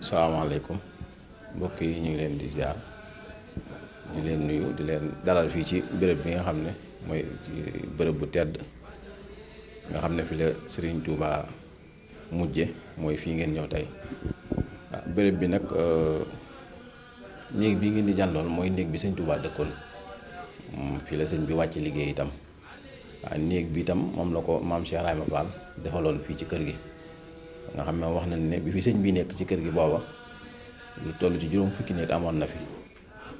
salaamaaleykum mbokk yi ñu ngi leen di ziar di leen nuyu di leen dalal fii ci bërëb bi nga xam ne mooy bërëb bu tedd nga xam ne fi la Serigne Touba mujje mooy fii ngeen ñëw tey bërëb bi nag euh, néeg bii ngeen di jàndoon mooy néeg bi sëñ Touba dëkkoon mm, fii la sëñ bi wàcc liggéey itam waaye néeg bi itam moom la ko maam Cheikh Rahma Fall defaloon fii ci kër gi nga xam ne wax na ne bi fi sëñ bi nekk ci kër gi booba lu toll ci juróom fukki néeg amoon na fi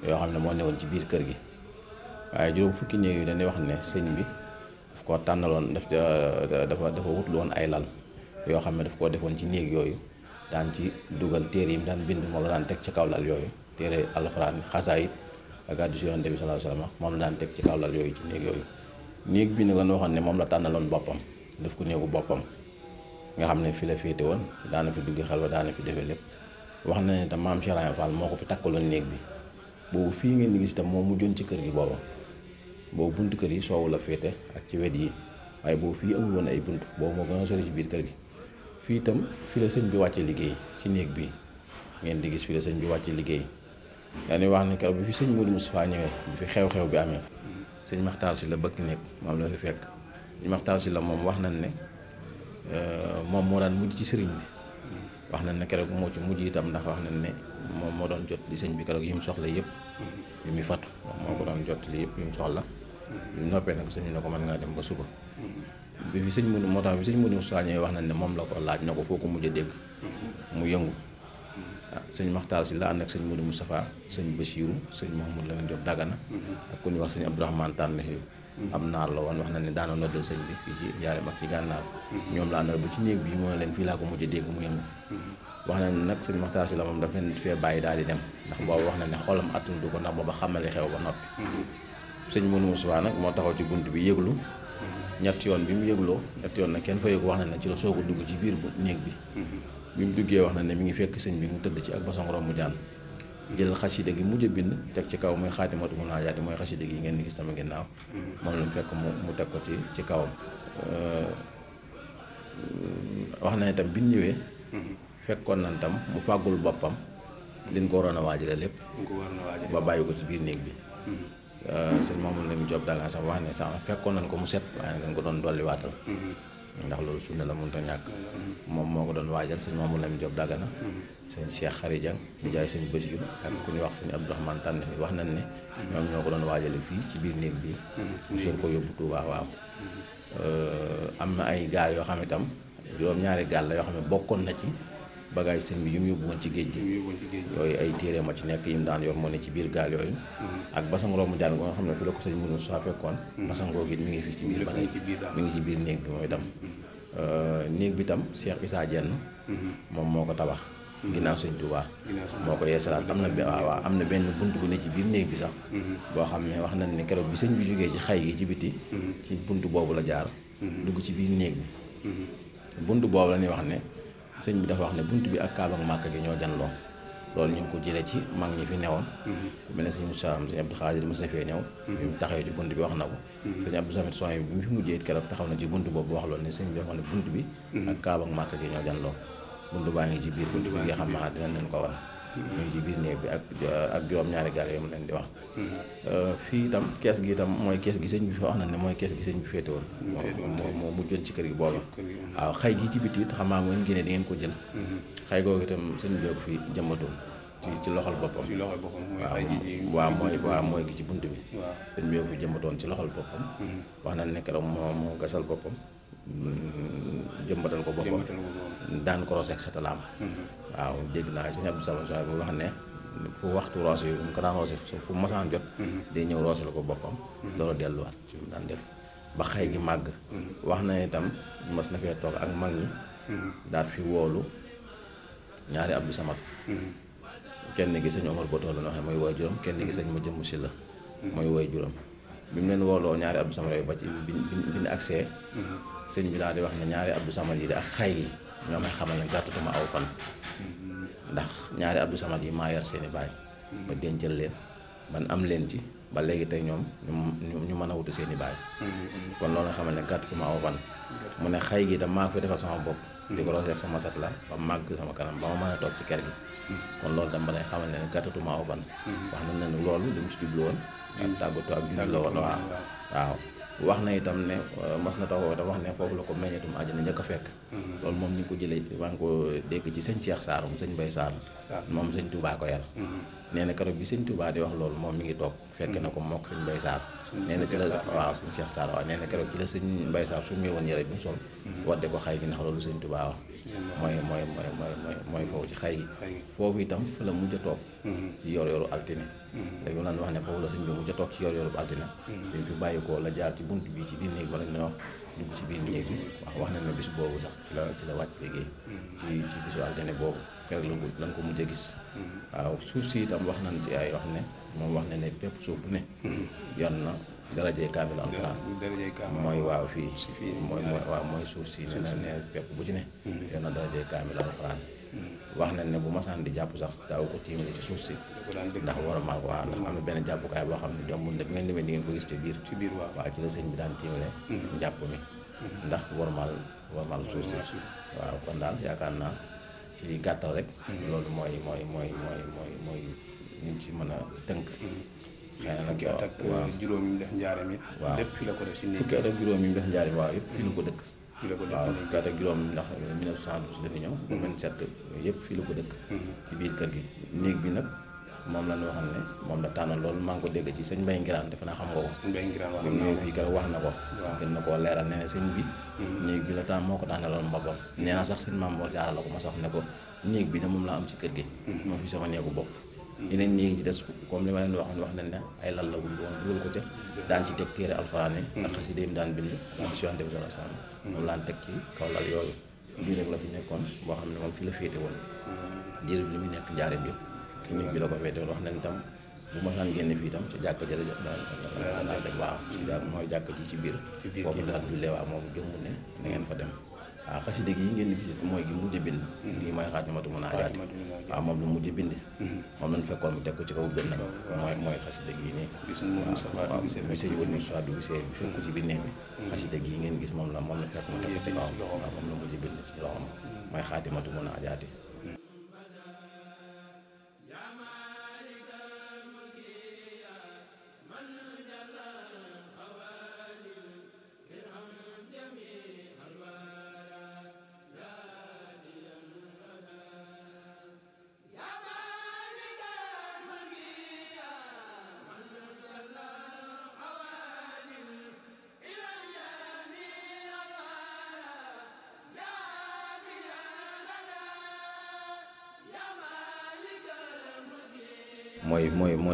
yoo xam ne moo newoon ci biir kër gi waaye juróom fukki néeg yi dañuy wax ne sëñ bi daf ko tànnaloon daf euh, dafa dafa wutlu woon ay lal yoo xam ne daf koo defoon ci néeg yooyu daan ci dugal yi mu daan bind moom la daan teg ci kaw lal yooyu téere alxuraan xasaayit ak hadiis Yonent bi sallallahu alayhi wa sallam moom la daan teg ci kaw yooyu ci néeg yooyu néeg bi nag la ñu waxoon ne moom la tànnaloon boppam def ko néegu boppam nga xam ne fi la féete woon daana fi dugg xel ba daana defee lépp wax na ne tam maam Cheikh Ibra moo ko fi takkaloon néeg bi boobu fii ngeen di gis itam moom mu mujjoon ci kër gi boobu boobu bunt kër yi soowu la féete ak ci wet yi waaye boobu fii amul woon ay bunt boobu moo gën a sori ci biir kër gi fii itam fi la sëñ bi wàcce liggéey ci néeg bi ngeen di gis fi sëñ bi wàcce liggéey ni wax ne keroog bi fi sëñ Modou Moustapha ñëwee bi fi xew-xew bi amee sëñ Maxtaar si la bëgg nekk moom la fekk sëñ si la moom wax nañ ne euh, moom moo daan mujj ci sëriñ bi wax nañ ne keroog moo mujj itam ndax wax nañ ne moom moo doon jot li sëñ bi keroog yi soxla yëpp yi muy fatu moo li yëpp yi mu mu noppee nag sëñ bi ne ko mën ngaa dem ba suba bi fi sëñ Modou moo tax bi sëñ Modou Moustapha ñëwee wax nañ ne moom la ko laaj na ko foo ko mujj a dégg mu yëngu waaw sëñ Maxtaar si la ànd ak sëñ Modou Moustapha sëñ Bachirou sëñ Mouhamadou Lamine Diop Dagana ak ku ñuy wax sëñ Abdourahmane Tànnexiw am naar la woon wax na ne daana noddal sëñ bi fii ci Njaaréem ak ci gànnaar ñoom la àndal ci néeg bi moo leen fii laa ko mujj dégg mu yëngu wax na nag sëñ Maxtaar si la moom daf leen fee bàyyi daal di dem ndax wax na ne xolam attun du ko ndax booba xamale xew ba noppi sëñ Modou Moustapha nag moo taxaw ci bunt bi yëglu ñetti yoon bi mu yëgloo ñetti yoon nag kenn fa yëgu wax na ne ci la soog a dugg ci biir néeg bi bi mu duggee wax na ne mi ngi fekk sëñ bi mu tëdd ci ak basan romb jaan jël xasida gi mujj bind teg ci kaw muy xaatimatu mun aajaati mooy xasida gi ngeen gis sama ginnaaw moom la mu fekk mu mu teg ko ci ci kawam euh, wax na itam bi ñu ñëwee fekkoon nañ tam mu fàggul boppam liñ ko waroon a waajale lépp ba bàyyi ko ci biir néeg bi mm-hmm. euh, sëñ mu Lamine Diop daal sax wax ne sax fekkoon nañ ko mu set waaye dañ ko doon dolliwaatal mm-hmm. ndax loolu sunna la mënut a ñàkk moom moo ko doon waajal sëñ Mamadou Lamine Diop Dagana sëñ Cheikh Xarijang di jaay sëñ Basiru ak ku ñuy wax sëñ Abdourahmane Tànn fi wax nañ ne ñoom ñoo ko doon waajale fii ci biir néeg bi ñu seen ko yóbbu Tuubaa waaw am na ay gaal yoo xam itam juróom-ñaari gaal la yoo xam ne bokkoon na ci bagage sëñ bi yu mu yóbbu woon ci géej gi yooyu ay téere ma ci nekk yi mu daan yor moo ne ci biir gaal yooyu mm-hmm. ak basan romb jaan go nga xam ne fi la ko sëñ munu saa fekkoon mm-hmm. basan googu it mi ngi fi ci biir ba mi ngi ci biir néeg bi mooy tam mm-hmm. euh, néeg bi tam Cheikh Issa Dieng moom moo ko tabax ginnaaw sëñ Tuubaa moo ko yeesalaat am na waaw waaw am na benn bunt bu ne ci biir néeg bi sax boo xam ne wax nañ ne keroog bi sëñ bi jógee ci xay gi ci biti ci bunt boobu la jaar dugg ci biir néeg bi bunt boobu la ñuy wax ne sëñ bi dafa wax ne bunt bi ak Kaaba ak Màkka gi ñoo janloo loolu ñu ngi ko jëlee ci mag ñi fi newoon mhm. ku mel ne sëñ Moussa am sëñ Abdou Khadir mos na fee ñëw mhm. bi taxawee ci bunt bi wax na ko mhm. sëñ Abdou Samit Soy bi mu fi mujjee it keroog taxaw na ci bunt boobu wax loolu ne sëñ bi dafa wax ne bunt bi ak Kaaba ak Màkka gi ñoo janloo bunt baa ngi ci biir bunt bi nga xam ne dinañ ko wan muy ci biir néeg bi ak ak juróom-ñaari gaal yi mu leen di wax. Euh, fii itam kees gi itam mooy kees gi sëñ bi fi wax na ne mooy kees gi sëñ bi féete woon. moo moo mujjoon ci kër gi booba. waaw xay gi ci biti it xam mooy ngeen ne di ngeen ko jël. Mm-hmm. xay googu itam sëñ bi fi jëmbatoon. ci ci loxol boppam ci loxol boppam waaw mooy waaw mooy gi ci bunt bi dañ bee ko jëmbatoon ci loxol boppam mm-hmm. wax na ne keroog moo moo gasal boppam mm, jëmbatal ko boppam daan ko roose ak satalaam waaw dégg naa sëñ Abdou Samad Sow bu wax ne fu waxtu roose yi mu ko daan roose fu masaan jot mhm. day ñëw roose la ko boppam mhm. doora delluwaat ci mu ba xay gi màgg mhm. wax na itam mas na fee toog ak mag ñi daat fi woolu ñaari Abdou Samad kenn gi sëñ Omar Boto la ñu waxee mooy woy juróom kenn gi sëñ ma jëmm la mooy woy juróom bi mu leen wooloo ñaari Abdou Samad yooyu bi bi bi ñu bi daal di wax ne ñaari Abdou Samad yi di ak xay yi ñoom may xamal ne gàttatuma aw fan ndax ñaari Abdou Samad yi maa yar seeni baay ba dencal leen ban am leen ci ba léegi tey ñoom ñu mën a wutu seeni baay kon loolu nga xamal ne gàttatuma aw fan mu ne xay gi tam maa ko defal sama bopp di ko roseek sama sat la ba màgg sama kanam ba ma mën a toog ci kër kon loolu tam ba lay xamal ne gàttatuma aw fan wax nañ ne loolu li mu si jublu woon ak tàggatu ak jublu la woon waaw wax na itam ne euh, mas na taxaw dafa wax ne foofu la ko meññetum àjjana njëkk a fekk. Mm-hmm. loolu moom ni ko jëlee maa ngi ko dégg ci sëñ Cheikh Sarr moom sëñ Mbaye moom sëñ Touba ko yar. Mm-hmm. nee na keroog bi sëñ Touba di wax loolu moom mi ngi toog. fekk na ko mook sëñ Mbaye Sarr. nee la waaw sëñ Cheikh Sarr waaw nee na keroog ci la sëñ Mbaye Sarr su mu woon yëre bi mu sol. Mm-hmm. wadde ko xay gi ndax loolu sëñ Touba wax. mooy mooy mooy mooy mooy foofu ci xay gi foofu itam fa la mujj a toog mm-hmm. ci yor yoru altine mm-hmm. dañu naan wax ne foofu la sëñ bi mujj a toog ci yor yoru altine mm-hmm. bi mu fi bàyyi la jaar ci bunt bi ci biir néeg ba lañ ne wax dugg ci biir néeg bi wax wax nañ ne bis boobu sax ci la ci la wàcc liggéey ci ci bisu altine boobu keroog la lañ ko mujj a gis waaw suuf si itam wax nañ ci ay wax ne moom wax ne ne bépp suuf bu ne yor na darajee kaamil alxuraan mooy waaw fii mooy mooy waaw mooy suuf si ne na ne pepp bu ci ne hmm. yor na darajee kaamil alxuraan hmm. wax nañ ne bu masaan di jàpp sax daaw ko tiimale ci suuf si ndax war a maal ko waaw ndax am na benn jàppukaay boo xam ne jomb na bi ngeen demee di ngeen ko gis ci biir waaw ci la sëñ bi daan tiimale njàpp hmm. mi ndax war maal war maal suuf si waaw kon daal yaakaar naa ci gàttal rek loolu mooy mooy mooy mooy mooy mooy ñu ci mën a tënk xëy na waaw ak juróom yi mu def njaaram it. waaw lépp fii la ko def ci néeg fukki at ak juróom yi mu ko dëkk. fii la ko dëkk waaw fukki at juróom ndax 1912 dafa ñëw. 27 mhm. yëpp fi la ko dëkk. Mhm. ci biir kër gi néeg bi nag moom la ñu waxoon ne moom la tànnal loolu maa ngi ko dégg ci sëñ Mbaye Ngiraan defe naa xam nga ko. sëñ Mbaye Ngiraan wax na ko fii kat ko. gën na koo leeral nee na sëñ bi. Mhm. néeg bi la tànn moo ko tànnaloon mbabam. nee sax sëñ Maam Mor jaara la ko ma sax ne ko néeg bi de moom laa am ci kër gi. moo fi sama néegu bopp yeneen néeg ci des comme li ma leen waxoon wax nañ ne ay lal la wuñ doon dugal ko ca daan ci teg téere alxuraan yi ak xasida yi daan bind ak si yonent bi sallallahu teg ci kaw lal yooyu bii rek la fi boo xam ne moom fi la féete woon diir bi li nekk njaareem yëpp néeg bi la ko féete wax nañ tam bu ma saan génn fii tam ca jàkk ja la daan waaw si daal mooy jàkk ji ci biir boobu daan jullee waaw moom jëmmu ne na ngeen fa dem waaw ah, xasida gi yi ngeen di gis mooy gi mujj bind mm-hmm. lii ah, moom mm-hmm. ko ci kaw gën nag mooy mooy xasida gi nii mm-hmm. gis moom la moom la fekk mu teg ko ci kaw moom la mujj bind ci loxoom mooy xaatimatu mun a jaati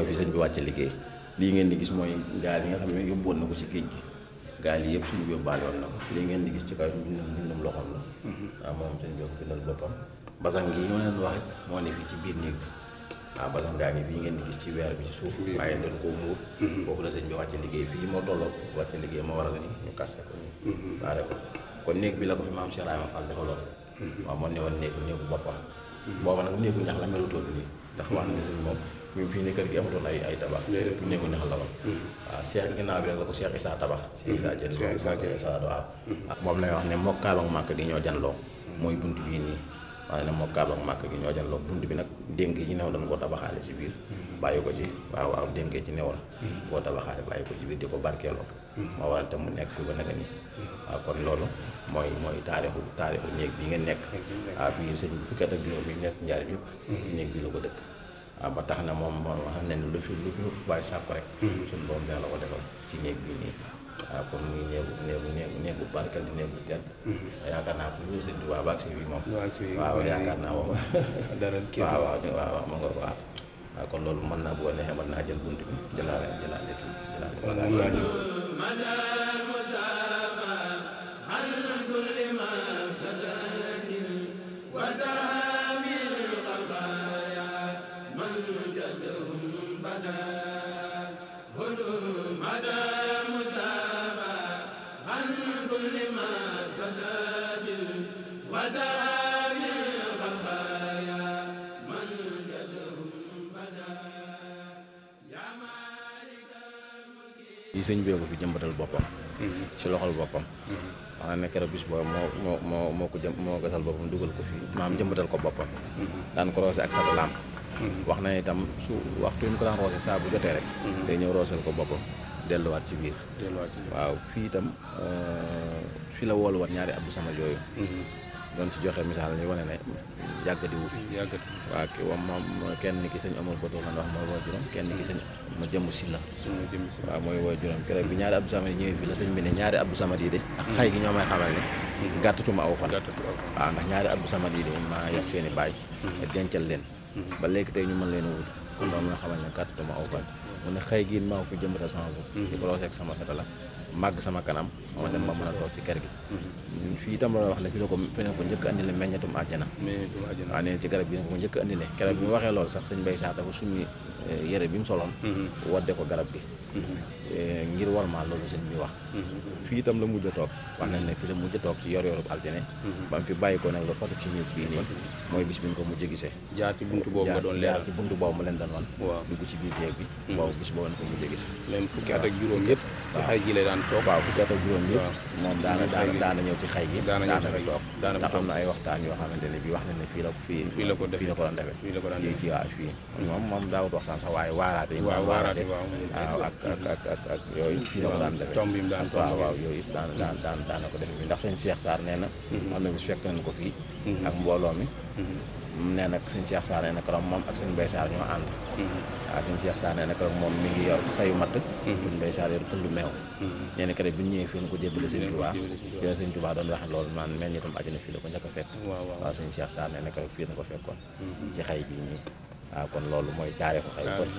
fi sëñ bi wàcce liggéey lii ngeen di gis mooy gaal yi nga xam ne yóbbuwoon na ko ci géej gi gaal yi yëpp suñu bi yóbbaale woon na ko lii ngeen di gis ci kaw mbindum mbindum loxoom la mhm. waaw moom sëñ bi bindal boppam basang ñoo leen wax moo ne ci biir néeg bi gaa ngi fii ngeen di gis ci weer bi ci suuf waaye doon koo muur mhm. foofu la sëñ bi wàcce liggéey fii moo tolloo wàcce liggéey ma waral ni ñu ko ni mhm. baare ko kon néeg bi la ko fi maam Cheikh Ibrahima Fall dafa lool waaw moo ne woon néegu néegu boppam booba nag néegu ñax la melutoon nii ndax wax na ne suñ moom bi mu ne kër gi amatoon ay ay tabax lépp néegu neex la woon waaw hmm. ah, Cheikh ginnaaw bi nag la ko Cheikh saa tabax hmm. Cheikh Issa Diène waaw hmm. ah, moom lay wax ne moo kaabak màkk gi ñoo janloo mooy bunt bii nii waaye ne moo kaabak màkk gi ñoo janloo bunt bi nag dénk yi newoon dañ koo tabaxaale ci biir bàyyi ko ci waaw waaw dénkee ci woon koo tabaxaale bàyyi ko ci biir di ko barkeeloo moo waral te mu nekk fi ba nag nii waaw kon loolu mooy mooy taarixu taarixu néeg ah, bi nga nekk ak juróom bi nekk njaar ko dëkk waaw ah, ba tax na moom moom wax ne lu fi lu fi waaye sàkku rek. Mm-hmm. suñu borom dina la ko defal ci néeg bi nii. waaw ah, comme muy néegu néegu néegu néegu barkeel di néegu tedd. Mm-hmm. Ah, yaakaar bi moom. waaw yaakaar naa moom. dara waaw waaw waaw mu nga waaw. waaw kon loolu mën naa boo neexee mën naa jël bunt bi jëlaale jëlaale kii jëlaale. sëñ bee ko fi jëmbatal boppam. Mhm. ci loxol boppam. Mhm. wax na ne keroog bis boobu moo moo moo moo ko jëm moo gasal boppam dugal ko fi maam jëmbatal ko boppam. Mhm. daan ko roose ak sa laam. wax na itam su waxtu wi mu ko daan roose saa jotee rek. day ñëw roosal ko boppam delluwaat ci biir. delluwaat ci waaw fii itam euh, fi la woolu wat ñaari Abdou Samad yooyu. doon ci joxe misaal ñu wane ne yàggati wu fi. yàggati waaw ki moom kenn ki sañ amul ba doon wax mooy waajuram kenn ki sëñ. ma jëmm si la waaw mooy woy juróom keroog bi ñaari Abdou Samad yi ñëwee fii la sëñ bi ne ñaari Abdou Samad yi de ak xay gi ñoo may xamal ne mm-hmm. gàttatuma aw fan waaw ndax ñaari Abdou sama yi de ma yor seen i baay te mm-hmm. dencal leen mm-hmm. ba léegi tey ñu mën leen a wut kon loolu mooy xamal ne gàttatuma aw fan mu ne xëy gi maaw fi jëmbatal sama bopp di ko sama sata la sama kanam moo dem ma mën a toog ci kër gi fii itam la wax ne fi la ko fi ne ko njëkk a andile meññatum àjjana waaw nee ci waxee loolu sax sëñ Bay sax dafa yére bi mu soloon mm-hmm. wadde ko garab bi mm-hmm. eh, ngir war warmaal loolu seen bi wax mm-hmm. fii itam la mujj a toog wax nañ ne fii la mujj a toog ci yor yorub altine mhm. ba mu fi bàyyi ko nag la fatu ci ñëpp bii nii mhm. mooy bis bi ñu ko mujj a gisee jaar ci buntu boobu nga doon leeral ci buntu boobu ma leen doon wan waaw dugg ci biir mhm. a ci xay ji lay fukki at juróom yëpp moom daana ñëw ci xay yi ne bi wax nañ ne moom moom daawut waxtaan sax waaye waaraate yi waaw waaw ak ak ak yooyu fii la ko daan defee waaw waaw yooyu it daan daan daan daana ko def bi ndax sëñ Cheikh Sarr nee na mhm. am na bis fekk nañ ko fii mhm. ak mbooloo mi mhm. nee nag na keroog moom ak sëñ Mbaye Sarr ñoo ànd waaw sëñ Cheikh Sarr nee na keroog moom mi ngi yor sayu matt sëñ Mbaye Sarr yor këllu meew nee na keroog bi ñu ñëwee fii nu ko jébbale sëñ Touba jël sëñ Touba doon wax loolu man mel ni itam àjjana ko a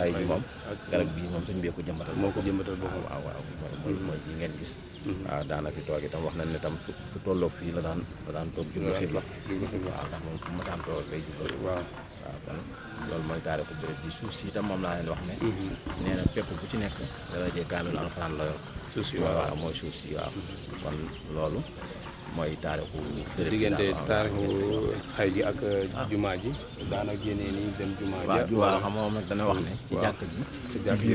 xay moom garab bii moom suñ bee ko jëmbatal moo ko mooy mooy ngeen gis waaw mhm. ah, daana fi toog itam wax nañ ne tam fu fu tolloo fii la daan daan toog jublu xibla waaw ndax moom fu masaan toog lay jublu xibla waaw ah, kon suuf si itam moom laa leen wax ne mhm. nee na pepp ci nekk darajee kaamil alxuraan la yor si waaw mooy suuf si waaw mhm. kon loolu mooy taarixu béréb diggante taarixu ak ah. uh, jumaa ji daana génnee nii dem jumaa ji waaw jumaa xam nga moom nag wax ne ci jàkk ji ci jàkk ji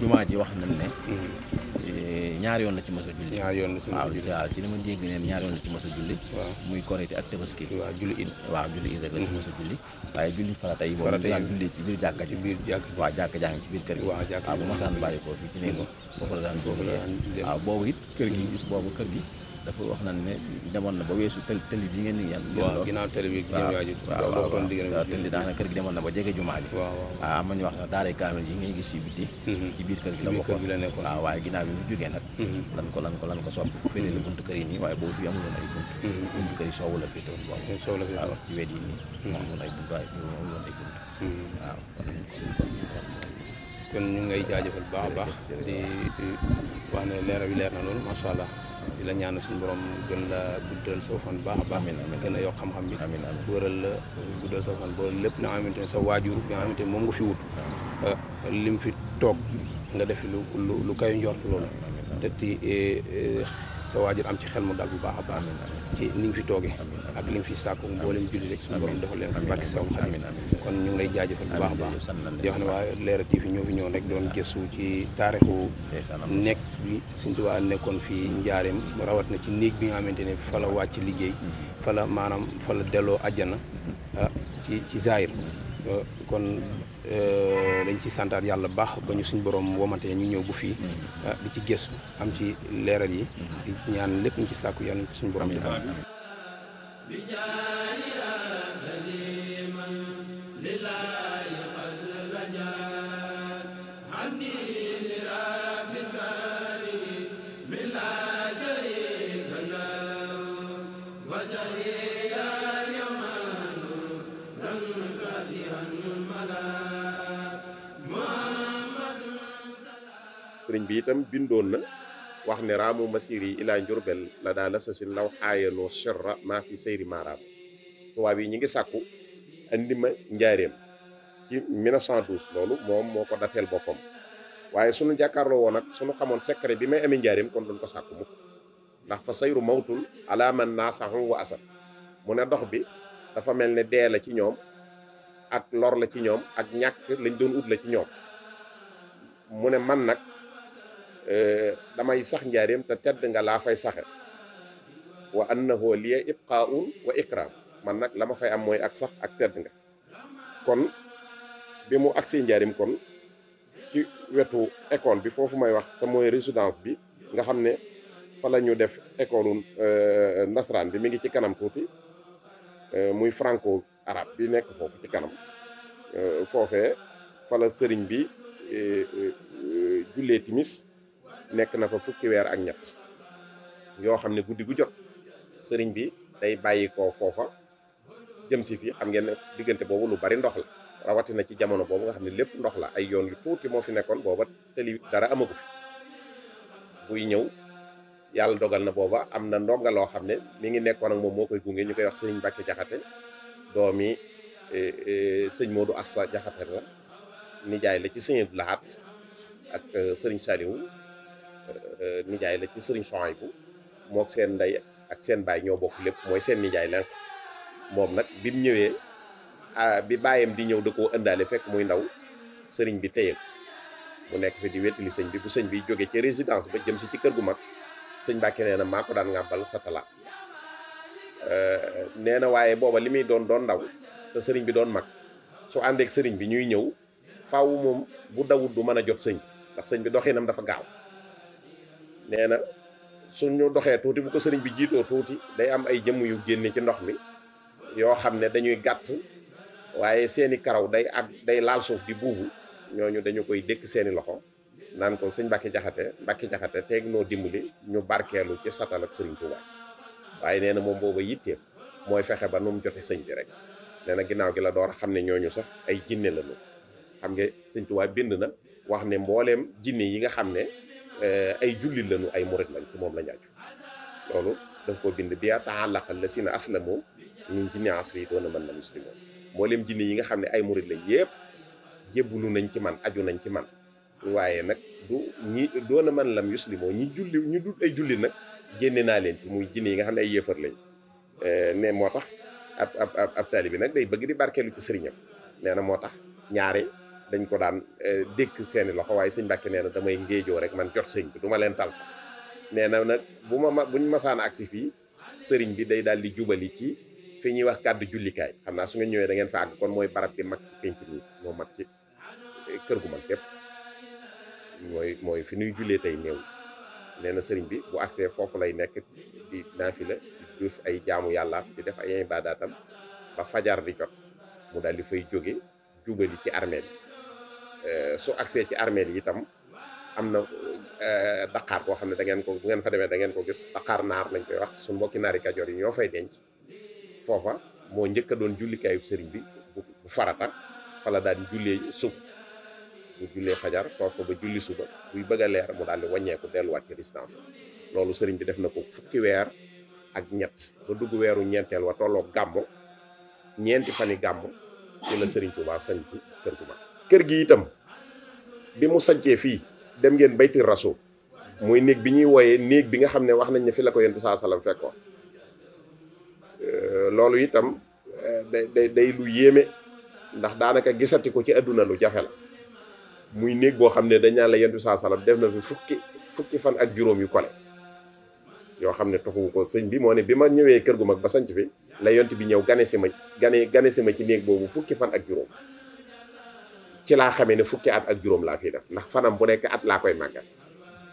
ji wax nañ ne ñaar yoon la ci mos a julli a waaw ci li ma dégg neen ñaar yoon la ci mos a julli muy korité ak tabaski waaw julli in waaw julli in rek la ci mos a julli waaye julli farata yi moom jàkka jàkka jaa ci biir kër gi la daan boobu waaw boobu it kër gi gis boobu kër gi dafa wax nañ ne demoon na ba weesu tël tëli bi ngeen di yan waaw ginnaaw tëli bi waaw tëli daanaka kër gi demoon na ba jege jumaa ji waaw am ah, nañu wax sax daaray kaamil yi ngay gis ci biti mhm. ci biir kër gi la bokkoon waaw ah, waaye ginnaaw bi mu jógee nag mhm. lan ko lan ko lan ko sopp féete la mhm. buntu kër yi nii waaye boo fi amuloon ay bunt buntu kër soowu la féete woon ah, waaw ci wet yi nii mu amuloon ay bunt waaye amuloon ay bunt waaw kon ñu ngay jaajëfal baax a baax di wax ne leeral bi leer na loolu macha allah la ñaanal suñu borom gën la guddal sa fan baax a baax gën a yokk xam-xam bi wëral la guddal sa fan ba lépp la nga xamante ne sa waajur bi nga xamante ne moom nga fi wut ah, lim fi toog nga def lu lu lu kayu njort loolu te eh, eh, sa waajur am ci xel mu dal bu baax a baax ci ni nga fi toogee ak li nga fi sàkku mboolem julli rek suñu borom defal leen ko barki a baax di ne waa Leral TV fi ñëwoon rek doon gëstu ci taarixu nekk bi Sëñ Tuubaa nekkoon fii mm-hmm. njaareem rawat na ci néeg bi nga xamante ne fa la wàcc liggéey mm-hmm. fa la maanaam fa la delloo àjjana mm-hmm. ah, ci ci zaahir kon Euh, dañ ci santaat yàlla baax bañu ñu suñ borom womante ñu ñëw bu fii mm-hmm. ah, di ci gëstu am ci leeral yi mm-hmm. di ñaan lépp ñu ci sàkku yàlla ñu ko suñu borom defal bi jaari ahli man lillah sëriñ bi itam bindoon na wax ne raamu masir yi ilaa njurbel la daa la sasin law xaayanoo sherra maa fi sayri maaraam waaw yi ñu ngi sàkku andi ma njaareem ci 1912 loolu moom moo ko dateel boppam waaye sunu jàkkaarloo woon ak sunu xamoon secret bi may amee njaareem kon duñ ko sàkku mukk ndax fa sayru mawtul alaa man naasahu wa asab mu ne dox bi dafa mel ne dee la ci ñoom ak lor la ci ñoom ak ñàkk lañ doon ut la ci ñoom mu ne man Eh, damay sax njaareem te tedd nga laa fay saxe wa annahu liya ibqaun wa ikram man nag la ma fay am mooy ak sax ak tedd nga kon bi mu agsee njaareem kon ci wetu école bi foofu may wax te mooy résidence bi nga xam ne fa ñu def école euh, nasraan bi mi ngi ci kanam tuuti euh, muy franco arabe bi nekk foofu ci kanam euh, foofee fa sëriñ bi jullee timis nekk na fa fukki weer ak ñett yoo xam ne guddi gu jot sëriñ bi day bàyyi koo foofa jëm si fii xam ngeen diggante boobu lu bari ndox la rawatina ci jamono boobu nga xam ne lépp ndox la ay yoon yu tuuti moo fi nekkoon booba tëli dara amagu fa buy ñëw yàlla dogal na booba am na ndonga loo xam ne mi ngi nekkoon ak moom moo koy gunge ñu koy wax sëriñ Mbàkke Jaxate doomi e, e, sëñ Modou Assa Jaxate la nijaay la ci sëñ Abdou Lahat ak e, sëriñ Saliou nijaay euh, la ci sëriñ Souhaïbou mook seen ndey ak seen baay ñoo bokk lépp mooy seen nijaay lenk moom nag bi mu ñëwee bi bàyyam di ñëw da koo ëndaale fekk muy ndaw sëriñ bi téye mu nekk fi di wettali sëñ bi bu sëñ bi jógee ci résidence ba jëm si ci kër gu mag sëñ Mbàkke nee na maa ko daan ngàbbal satala euh, nee na waaye booba li muy doon doon ndaw te sëriñ bi doon mag su àndeek sëriñ bi ñuy ñëw faaw moom bu dawut du mën a jot sëñ ndax sëñ bi doxinam dafa gaaw nee na suñu doxee tuuti bu ko sëriñ bi jiitoo tuuti day am ay jëmm yu génne ci ndox mi yoo xam ne dañuy gàtt waaye seeni karaw day ak day laal suuf di buubu ñooñu dañu koy dëkk seeni loxo naan ko sëñ Mbàkke Jaxate mbakki Jaxate teeg noo dimbali ñu barkeelu ci satal ak sëriñ Tuubaa waaye nee na moom booba yitteem mooy fexe ba nu mu jote sëñ bi rek nee na ginnaaw gi la door xam ne ñoo ñu sax ay jinne la lañu xam nga sëñ Tuubaa bind na wax ne mbooleem jinne yi nga xam ne Euh, ay jullit lañu ay murit lañ ci moom lañ aju loolu daf ko bind bi a taallaqal la si na aslamu min jinni asri doona man la muslimoon mboolem jinni yi nga xam ne ay murit lañ yépp jébbalu nañ ci man aju nañ ci man waaye nag du ñi doona man lam yuslimo ñi julli ñu dul ay julli nag génne naa leen ci muy jinni yi nga xam ne ay yéefar lañ euh, ne moo tax ab ab ab taalibi nag day bëgg di barkeelu ci sëriñam nee na moo tax ñaari dañ ko daan eh, dékk seeni loxo waaye sëñ Mbàkke nee na damay ngéejoo rek man jot sëñ bi du leen tal sax nee nag bu ma buñ masaan agsi fii sëriñ bi day daal di jubali ci fi ñuy wax kàddu jullikaay xam naa su ngeen ñëwee da ngeen fa àgg kon mooy barab bi mag ci moo mag ci eh, kër gu mag képp mooy fi nuy jullee tey néew nee na sëriñ bi bu agsee foofu lay nekk di naafila di duuf ay jaamu yàlla di def ay ibadaatam ba fajar di jot mu daal di fay jóge jubali ci armée bi Euh, su accès ci armeel yi itam am na euh, daqaar koo xam ne da ngeen ko ngeen fa demee da ngeen ko gis daqaar naar lañ koy wax suñ mbokki naari kajoor yi ñoo fay denc foofa moo njëkk a doon jullikaayu sëriñ bi bu farata fala daan jullee sub bu jullee fajar toog fa ba julli suba buy bëgg a leer mu daal di wàññeeku delluwaat ci résidence loolu sëriñ bi def na ko fukki weer ak ñett ba dugg weeru ñeenteel wa tolloo gàmmu ñeenti fani gàmmu ci la sëriñ Tuubaa sañ ci kër gu mag kër gi itam bi mu sancee fii dem ngeen bayti rasul mooy néeg bi ñuy wooyee néeg bi nga xam ne wax nañ ne fi la ko yonent saa salaam fekkoon euh, loolu itam euh, day day lu yéeme ndax daanaka gisati ko ci àdduna lu jafe la muy néeg boo xam ne dañ naan la yonent saa salaam def na fi fukki fukki fan ak juróom yu kole yoo xam ne taxu ko sëñ bi moo ne bi ma ñëwee kër gu mag ba sanc fi la yont bi ñëw gane si ma gane gane ma ci néeg boobu fukki fan ak juróom ci laa xamee ne fukki at ak juróom laa fiy def ndax fanam bu nekk at laa koy màggal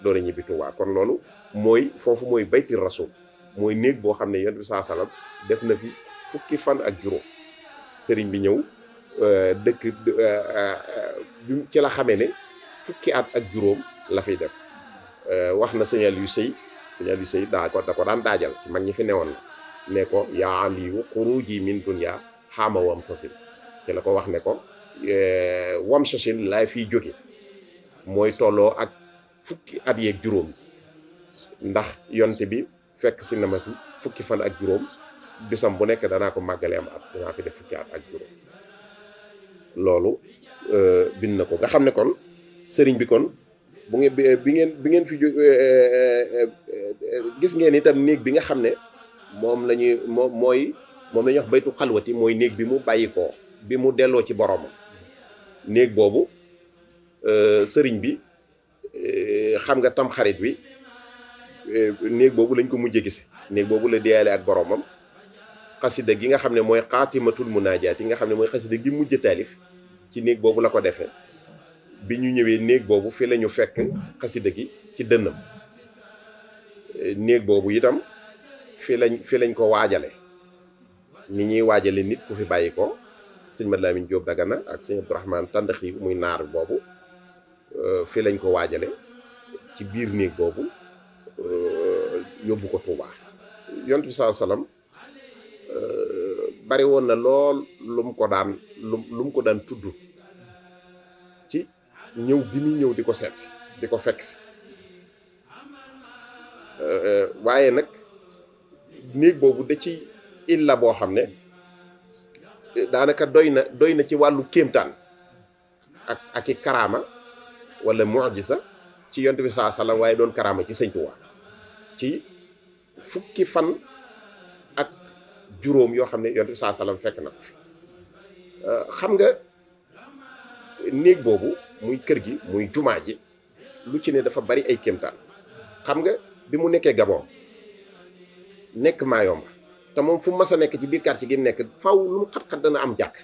doona ñibbi Tuubaa kon loolu mooy foofu mooy baytil rasul mooy néeg boo xam ne yonent bi saa salaam def na fi fukki fan ak juróom sëriñ bi ñëw euh, dëkk euh, euh, la xamee ne fukki at ak juróom la fiy def wax na sëñ Aliou Sey sëñ Aliou Sey daa ko da ko daan daajal ci mag ñi fi newoon la ne ko yaa Aliyu xuruji min dunya xaama wam sasin ci la ko wax ne ko Eh, wam Wamsachin laay fiy jóge mooy tolloo ak fukki at yeeg juróom ndax yonte bi fekk si na ma fi fukki fan ak juróom bisam bu nekk danaa ko màggale am at danaa fi def fukki at ak juróom loolu eh, bind na ko nga xam ne kon sëriñ bi kon bu ngeen bi eh, ngeen bi ngeen fi jóg gis ngeen itam néeg bi nga xam ne moom la ñuy moom mooy moom la wax baytu xalwati mooy néeg bi mu bàyyi ko bi mu delloo ci boroomam néeg boobu euh, sëriñ bi euh, xam nga tam xarit bi euh, néeg boobu lañ ko mujje gise néeg boobu la deyaale ak boroomam xasida gi nga xam ne mooy xaatimatul munaajaat yi nga xam ne mooy xasida gi mujj taalif ci néeg boobu la ko defee bi ñu ñëwee néeg boobu fi la ñu fekk xasida gi ci dënnam néeg boobu itam fi lañ fi lañ ko waajale ni ñuy waajale nit ku fi bàyyi ko sëñ Mad Lamin Jóob Dagana ak sëñ Abdourahmane Tàndaxi muy naar boobu euh, fi lañ ko waajale ci biir néeg boobu euh, yóbbu ko Tuubaa yonent bi saa salaam euh, bari woon na lool lu ko daan lu mu ko daan tudd ci ñëw gi muy ñëw di ko seet si di ko fekk si waaye nag néeg boobu da ci illa boo xam ne daanaka doy na doy na ci wàllu kéemtaan ak ak karaama walla mujisa ci yont bi saa salaam waaye doon karaama ci sëñ Tuubaa ci fukki fan ak juróom yoo xam ne yont bi saa salaam fekk na ko fi euh, xam nga néeg boobu muy kër gi muy jumaa ji lu ci ne dafa bari ay kéemtaan xam nga bi mu nekkee Gabon nekk Mayomba te moom fu mas a nekk ci biir quartier gi nekk faw lu mu xat-xat dana am jàkk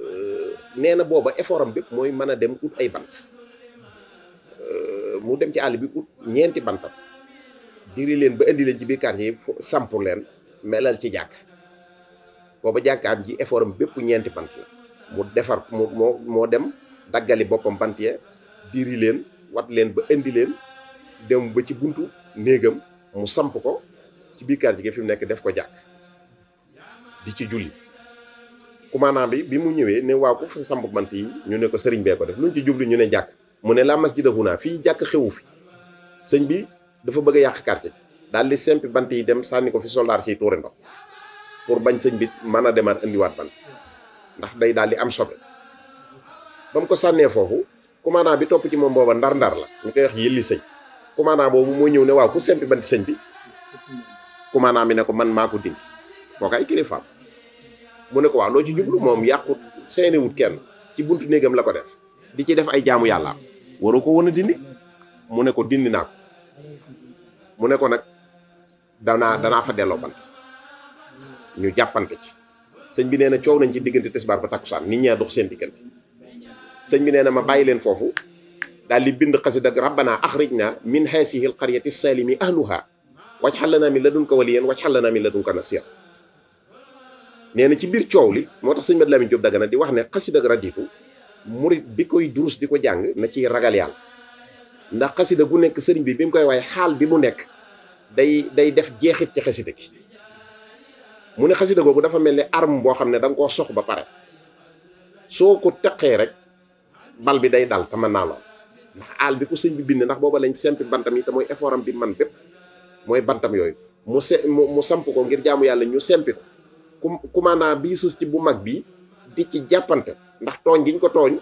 euh, nee na booba effort bépp mooy mën a dem ut ay bant euh, mu dem ci àll bi ut ñeenti bantam diri leen ba indi leen ci biir quartier yi samp leen melal ci jàkk booba jàkkaam ji effort am bépp ñeenti bant la mu defar mu moo moo dem daggali boppam bant ya diri leen wat leen ba indi leen dem ba ci buntu néegam mu samp ko ci biir quartier gi fi mu nekk def ko jàkk di ci julli commandant bi bi mu ñëwee ne waaw ku samp bant yi ñu ne ko sëriñ bee ko def luñ ci jubli ñu ne jàkk mu ne la masjida naa fii jàkk xewu fi sëñ bi dafa bëgg a yàq quartier bi daal di sempi bant yi dem sànni ko fi soldaar si tuuri ndox pour bañ sëñ bi mën a demaat indiwaat bant ndax day daal di am sobe ba mu ko sànnee foofu commandant bi topp ci moom booba ndar-ndar la ñu koy wax yëlli sëñ commandant boobu moo ñëw ne waaw ku simpi sëñ bi commandant bi ne ko man maa ko dindi kooku ay kilifaam mu ne ko waaw loo ci jublu moom yàqut seenewut kenn ci buntu néegam la ko def di ci def ay jaamu yàlla waroo ko woon a dindi mu ne ko dindi naa ko mu ne ko nag danaa danaa fa delloo bant ñu jàppante ci sëñ bi nee na coow nañ ci diggante tisbaar ba takkusaan nit ñaa dox seen diggante sëñ bi nee na ma bàyyi leen foofu daal di bind xasida ak rabbana axrijna min haasihil qaryati salimi ahluha la waj'al lanaa min ladunka waliyyan waj'al lanaa min ladunka nasiiran nee na ci biir coow li moo tax sëñ Mad Lamin Jóob Dagana di wax ne xasida ak radiku murit bi koy durus di ko jàng na ciy ragal ndax xasida gu nekk sëriñ bi bi mu koy waaye xaal bi mu nekk day day def jeexit ci xasida gi mu ne xasida googu dafa mel ni arme boo xam ne da koo sox ba pare soo ko teqee rek bal bi day dal te man naa lool ndax aal bi ko sëñ bi bind ndax booba lañ sempi bantam yi te mooy effort bi man bépp mooy bantam yooyu mu se mu samp ko ngir jaamu yàlla ñu sempi ko ku kumaanaa bii sës ci bu mag bi di ci jàppante ndax tooñ giñ ko tooñ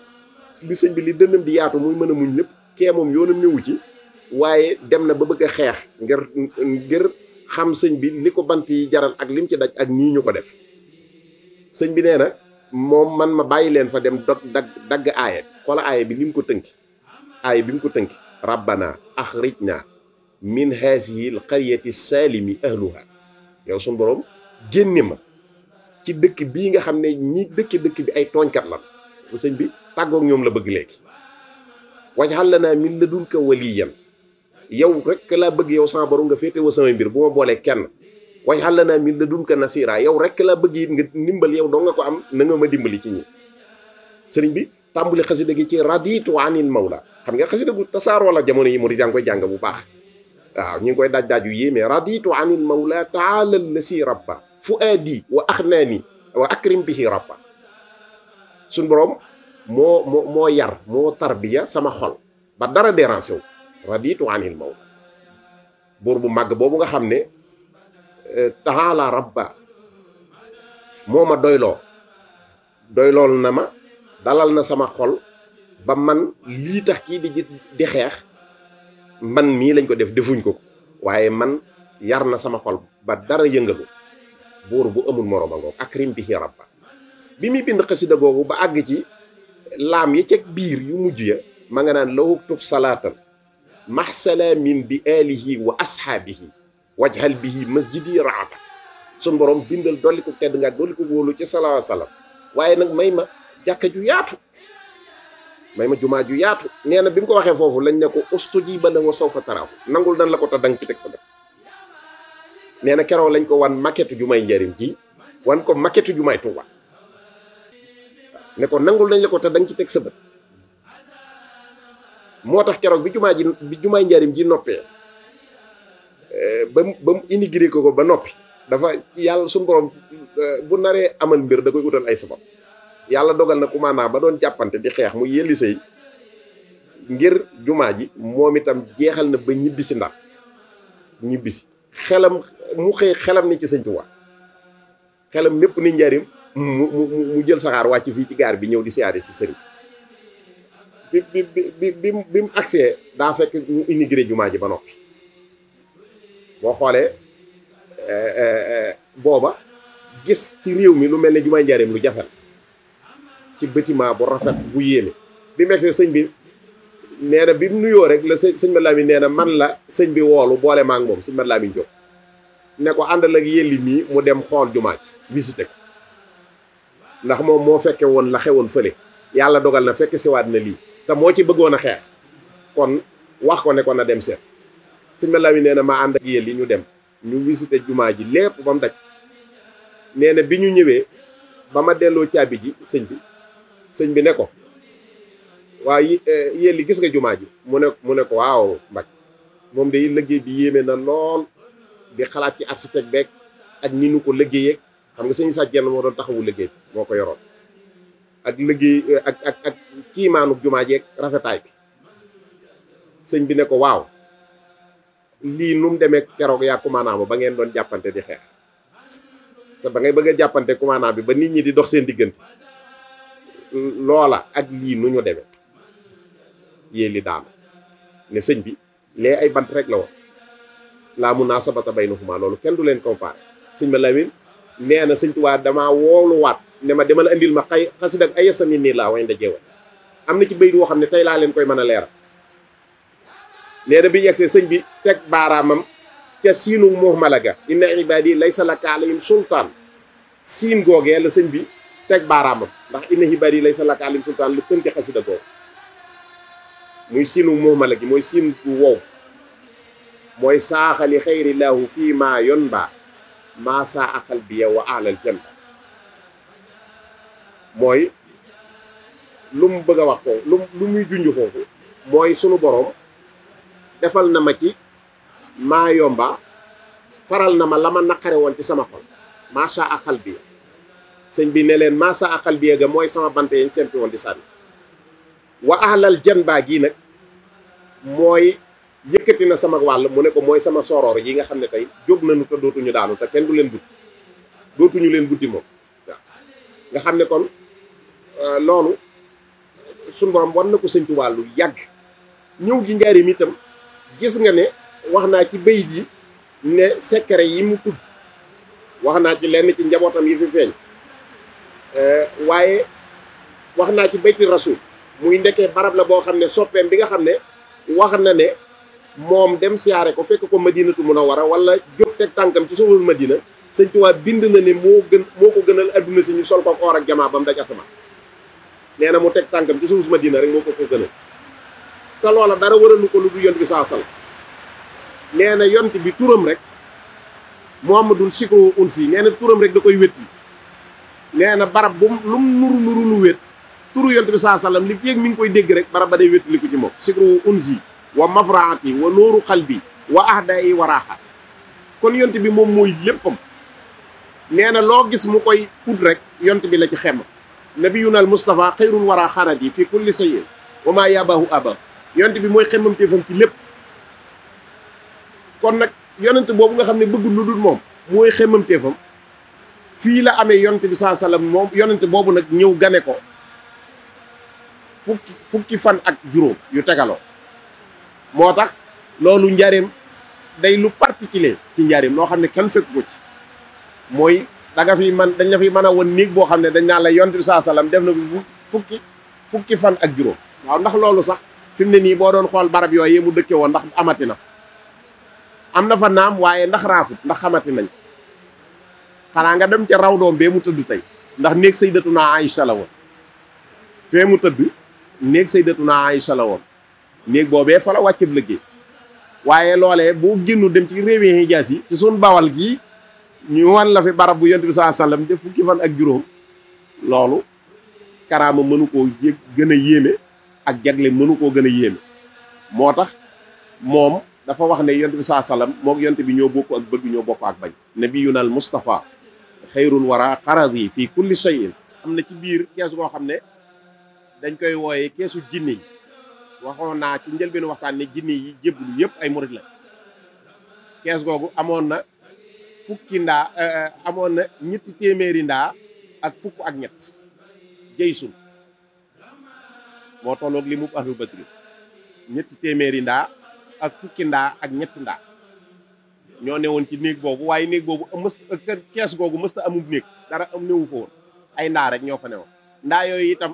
li sëñ bi li dënnam di yaatu muy mën a muñ lépp kee moom yoonam ci waaye dem na ba bëgg a xeex ngir ngir xam sëñ bi li ko bant yi jaral ak lim ci daj ak nii ñu ko def sëñ bi nee na moom man ma bàyyi leen fa dem dog dagg dagg aaya xoola aaya bi lim ko tënki aaya bi mu ko tënki ràbbana axrij naa min haasihi l qaryati saalimi ahluha yow suñu borom génne ma ci dëkk bii nga xam ne ñi dëkk dëkk bi ay tooñkat lan bu sëñ bi tàggook ñoom la bëgg léegi waj'al lanaa min ladunka waliyan yow rek laa bëgg yow sama borom nga féete woo samay mbir bu ma boolee kenn waj'al lanaa min ladunka nasiira yow rek laa bëgg it nga ndimbal yow doo nga ko am na nga ma dimbali ci ñi sëriñ bi tàmbuli xasida gi ci raditu anil mawla xam nga xasida gu tasaaroo la jamono yi mu di jàng koy jàng bu baax waaw ñu ngi koy daaj daaj yu yéeme raditu la mawla taala lasi rabba fuadi wa axnaani wa akrim bihi rabba suñ boroom moo moo moo yar moo tarbiya sama xol ba dara déranger wu raditu anil mawla buur bu màgg boobu nga xam ne euh, taala rabba moo ma doyloo doylool na ma dalal na sama xol ba man lii tax kii di di xeex man mii lañ ko def defuñ ko waaye man yar na sama xol ba dara yëngalu buur bu amul morooma ngoog akrim bihi rabba bi muy bind xasida googu ba àgg ci laam ya ceeg biir yu mujj ya ma nga naan lahu tub salaatan maxsalaamin bi alihi wa ashaabihi wajhal bihi masjidi raaba sun borom bindal dolli ko tedd nga dolli ko wóolu ci salaa salaam waaye nag may ma jàkka ju yaatu may ma jumaa ju yaatu nee na bi mu ko waxee foofu lañ ne ko ustujiba lahu sawfa taraahu nangul dan la ko ta dang ci teg sa na keroog lañ ko wan maquette ju may njëriñ ji wan ko maquette ju may Tuuba ne ko nangul nañ la ko te dang ci teg sa bët moo tax keroog bi jumaa ji bi jumaay njariñ ji noppee eh, ba mu ba mu ko ko ba noppi dafa yàlla suñu borom eh, bu naree amal mbir da koy utal ay sabab yàlla dogal na commandant ba doon jàppante di xeex mu yëlli ngir jumaa ji moom itam jeexal na ba ñibbisi ndar ñibbisi xelam mu xëy xelam ni ci sëñ Tuubaa xelam mépp ni njariñ mu mu mu jël saxaar wàcc fii ci gaar bi ñëw di siyaare si sëriñ bi bi bi bi bi mu agsee daa fekk ñu immigré jumaa ji ba noppi boo xoolee eh, eh, eh, booba gis ci réew mi lu mel ni jumaa njaareem lu jafe la ci bâtiment bu rafet bu yéeme bi mu sëñ bi nee bi mu nuyoo rek la sëñ nee na man la sëñ bi woolu boole maa ngi moom sëñ Mat Lamin jóg ne ko àndal ak yelli mii mu dem xool jumaa ji visité ko ndax moom moo fekke woon la xewoon fële yàlla dogal na fekk siwaat na lii te moo ci bëggoon a xeex kon wax ko ne ko na dem seet sëñ Mat Lamin nee na maa ànd ak yelli ñu dem ñu visité jumaa ji lépp ba mu daj nee bi ñu ñëwee ba ma delloo caabi ji sëñ bi sëñ bi ne ko waaw eh, yéen li gis nga jumaa ji mu ne mu ne ko waaw mbaj moom day liggéey bi yéeme na lool di xalaat ci architecte beeg ak ni ñu ko liggéeyee xam nga sëñ Issa Diène moo doon taxawu liggéey bi moo ko yoroon ak liggéey eh, ak ak ak jumaa jeeg rafetaay bi sëñ bi ne ko waaw lii nu mu demee keroog yaa kumaanaama ba ngeen doon jàppante di xeex sa ba ngay bëgg a jàppante kumaanaa bi ba nit ñi di dox seen diggante loola ak lii nu ñu demee yéeli daanu ne sëñ bi lee ay bant rek la woon laa munaasabata baynahuma loolu kenn du leen comparé sëñ ma Lamin nee na sëñ Tuubaa damaa wooluwaat ne ma demal indil ma xay xasida ak ay yasami nii laa way ndaje woon am na ci bayit woo xam ne tey laa leen koy mën a leeral nee na bi yegsee sëñ bi teg baaraamam ca siinu muhmala ga inna ibaadi laysa laka alayhim sultaan siin googee la sëñ bi teg baaraamam ndax inna xibaar yi lay sa lakk alim sultaan lu tënk xasida googu muy sinu muhmala gi mooy siin bu wow mooy saaxali xayrilaahu fii maa yon baa maa saa axal bi yow wa alal jëm mooy lu mu bëgg a wax foofu lu muy junj foofu mooy sunu boroom defal na ma ci maa yomba faral na ma la ma naqare woon ci sama xol maa saa axal bi sëñ bi ne leen maasa aqal biega mooy sama bante yañ sempi woon di sànni wa ahlal janbaa gii nag mooy yëkkati na sama wàll mu ne ko mooy sama soroor yi nga xam ne tey jóg nañu te dootuñu daanu te kenn du leen buddi leen buddi moom waaw nga xam ne kon euh, loolu sun borom war na ko sëñ Tuubaa lu yàgg ñëw gi njaarim itam gis nga ne wax naa ci bayit yi ne secret yi mu tudd wax naa ci lenn ci njabootam yi fi feeñ Eh, waaye wax naa ci bayti rasul muy ndekee barab la boo xam ne soppeem bi nga xam ne wax na ne moom dem siyaare ko fekk ko ma madinatu munawwara wala jóg teg tànkam ci ma madina sëñ Tuubaa bind na ne moo gën moo ko gënal adduna si ñu sol ko or ak jamaa ba mu daj asama nee na mu teg tànkam ci ma diina rek moo ko ko gënal te loola dara waralu ko lu du yont bi saa sal nee na yont bi turam rek moo am muhammadul sikru unsi nee na turam rek da koy wétti nee na barab bu lum nuru nuru lu wéet turu yonent bi saa sallam li yéeg mi ngi koy dégg rek barab ba day wéetali ko ci moom sikru si wa mafraati wa nooru xalbi wa ahdayi wa raaxaati kon yonent bi moom mooy léppam nee na loo gis mu koy ut rek yonent bi la ci xemm nabiyuna al mustafa xayrul wara xanat yi fi kulli sayin wa maa yabahu aba yonent bi mooy xemmam téefam ci lépp kon nag yonent boobu nga xam ne bëggul lu dul moom mooy xemmam téefam fii la amee yonte bi saa sallam moom yonent boobu nag ñëw gane ko fukki fan ak juróom yu tegaloo moo tax loolu njaareem day lu particulier ci njaareem loo xam ne kenn fekk ko mooy da nga fi man dañ la fi mën a won néeg boo xam ne dañ naan la yonent bi saa sallam def na fukki fukki fan ak juróom waaw ndax loolu sax fi mu ne nii boo doon xool barab yooyee mu dëkke woon ndax amati na am na fa naam waaye ndax raafut ndax xamati nañ xanaa nga dem ca raw doom bee mu tëdd tey ndax néeg sayyidatuna Aïcha la woon fee mu tëdd néeg sayyidatuna Aïcha la woon néeg boobee fa la wàcceb liggéey waaye loole boo génnu dem ci réewi Hijaas yi ci suñ bawal gii ñu wan la fi barab bu yonent bi saa sallam def fukki fan ak juróom loolu karaama mënu koo yëg gën a yéeme ak jagle mënu koo gën a yéeme moo tax moom dafa wax ne yonent bi saa sallam moog yonent bi ñoo bokk ak bëgg ñoo bokk ak bañ nabiyunal Mustafa xayrul wara xaras yi fii kulli shay'in am na ci biir kees goo xam ne dañ koy wooye keesu jinni yi waxoon naa ci njëlbeen waxtaan ne jinni yi jébbalu yëpp ay murit la kees googu amoon na fukki ndaa eh, eh, amoon na ñetti téeméeri ndaa ak fukk ak ñett jëysul moo tolloog li mu ñetti téeméeri ndaa ak fukki ndaa ak ñetti ndaa ñoo newoon ci néeg boobu waaye néeg boobu mës kër kees googu mës ta néeg dara am newu fa woon ay ndaa rek ñoo fa ne newoon ndaa yooyu itam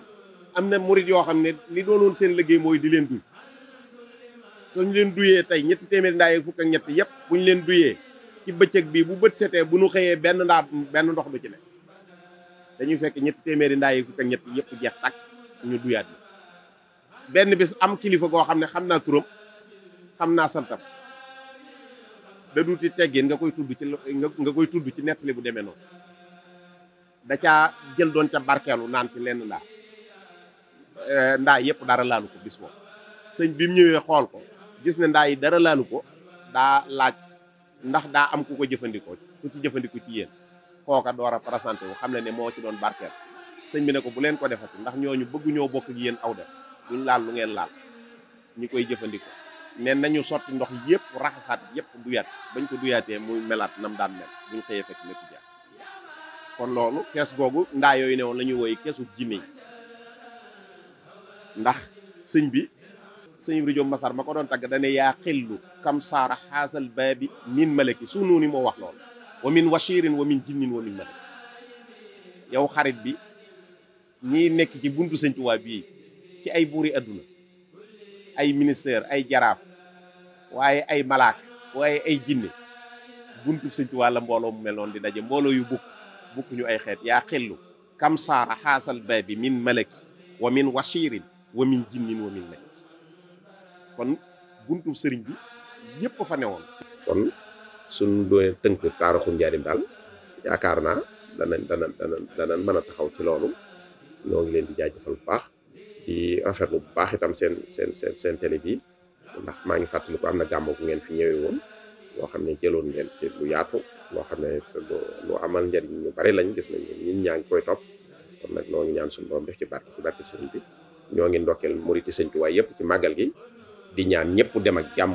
am na murit yoo xam ne doon doonoon seen liggéey mooy di leen duy suñ leen duyee tey ñetti téeméeri ndaa yeeg fukk ak ñett yëpp buñ leen duyee ci bëccëg bi bu bët setee bu ñu xëyee benn ndaa benn ndox du ci ne dañuy fekk ñetti téeméeri ndaa ak ñett yëpp jeex tàkk ñu duyaat benn bis am kilifa goo xam ne xam naa turam xam naa santam la dul ci teggin nga koy tudd ci nga koy tudd ci nettali bu demee noonu da caa jël doon ca barkeelu naan ci lenn ndaa eh, ndaa yëpp dara laalu ko bis moom sëñ bi mu ñëwee xool ko gis ne ndaa yi dara laalu ko daa laaj ndax daa am ku ko jëfandikoo ku ci jëfandiku ci yéen kooka door a présenté xam ne ne moo ci doon barkeel sëñ bi ne ko bu leen ko defati ndax ñoo ñu ñoo bokk ak yéen aw des duñ laal lu ngeen laal ñu koy jëfandikoo ne nañu sotti ndox yëpp raxasaat yëpp duyaat bañ ko duyaatee muy melaat nam daan mel buñ xëyee fekk lépp jaar kon loolu kees googu ndaa yooyu ne woon la ñuy woy keesu jinne yi ndax sëñ bi sëñ Ibra Joob Masar ma ko doon tagg dane yaa xillu kam saara xaasal baabi min malaki su nuuni moo wax loolu wa min washirin wa min jinnin wa min malaki yow xarit bi ñi nekk ci buntu sëñ Tuubaa bii ci ay buuri adduna ay ministère ay jaraaf waaye ay malaak waaye ay jinne buntub sëñ Tuubaa la mbooloo mu mel noonu di daje mbooloo yu bukk bukk ay xeet yaa xellu kam saara xaasal baabi min malaki wa min wasiirin wa min jinnin wa min malak kon buntub sëriñ bi yëpp fa newoon kon suñ doonee tënk taarixu njaarim daal yaakaar naa danañ danañ danañ danañ taxaw ci loolu ñoo leen di jaajëfal bu baax di rafetlu bu baax itam seen seen seen seen télé bi ndax maa ngi fàttaliku am na gàmmu gu ngeen fi ñëwee woon loo xam ne jëloon ngeen ci lu yaatu loo xam ne lu amal njëriñ ñu bari lañ gis nañ ñun ñaa ngi koy top kon nag noo ngi ñaan suñu borom def ci barke ci barke sëriñ bi ñoo ngi ndokkeel muriti sëñ Tuubaa yëpp ci màggal gi di ñaan ñëpp dem ak jàmm